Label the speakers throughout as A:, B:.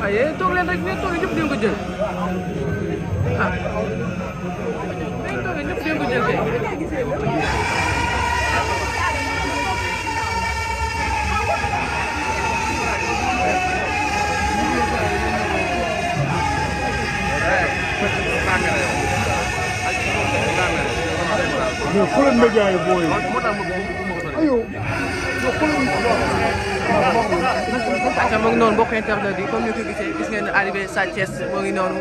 A: waaye ah, toog leen rek mais toog ñëpp dégg ko jël ah toog ñëpp dégg ko jël kay. mais xoolal média yi acca mu ngi noonu mbokk internet yi comme ni ko gisee gis ngeen arrivé Sa Thiès moo ngi noonu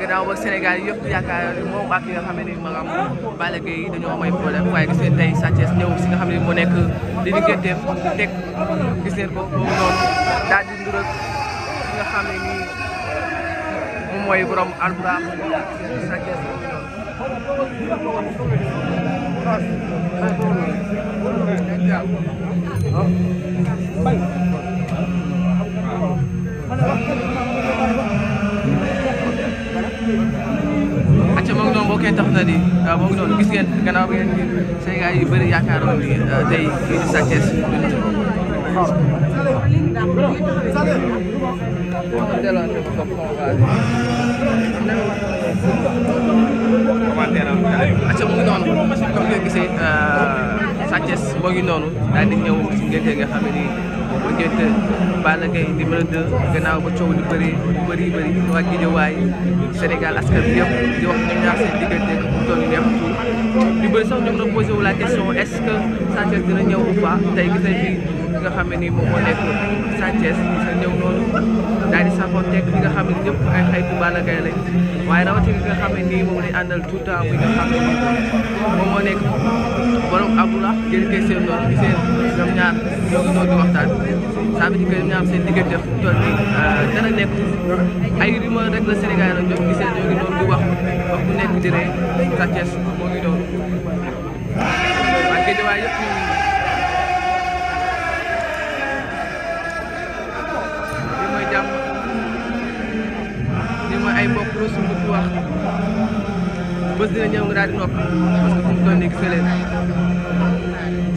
A: gannaaw ba Sénégal yëpp yaakaar moom ak yi nga xam ne ni ma am Balla Gaye dañoo am problème waaye gis ngeen tey Sa ñëw si nga xam ne moo nekk di digganteem gis ngeen ko mu noonu daal di ndur ak nga xam ne mooy borom alburaam Sa Thiès acca moom noonu boo koy tax na ni waaw moom noonu gis ngeen gannaaw bi ngeen Sénégal yu bëri yaakaaroon ni euh, tey kii di Sa Thiès acca mu ngi noonu comme nga gisee euh, Sathies moo ngi noonu daal di ñëw si ngénte nga xam ne nii ba ngénte Balla Gaye numéro 2 gannaaw ba coow lu bëri bëri bëri bëri wu la question est-ce que Sathies nga xam ne nii moom moo nekk Sathies dina ñëw noonu daal di sàkkoon teg nga xam ne ñëpp ay xaytu Balla Gaye lañ waaye rawatina nga xam ne moom lañ àndal tout temps bi xam moom nekk la ngeen koy seetloo ak gisee ñoom ñaar ñoo ngi di waxtaan ça veut dire seen diggante fu mu toll nii euh, dana nekk ay rumeur rek la Sénégal la ñoom wax wax bu di ne Sa Thiès moo ay mbokk lu suñu wax bés dina ñëw nga daal di nopp parce que fu mu toll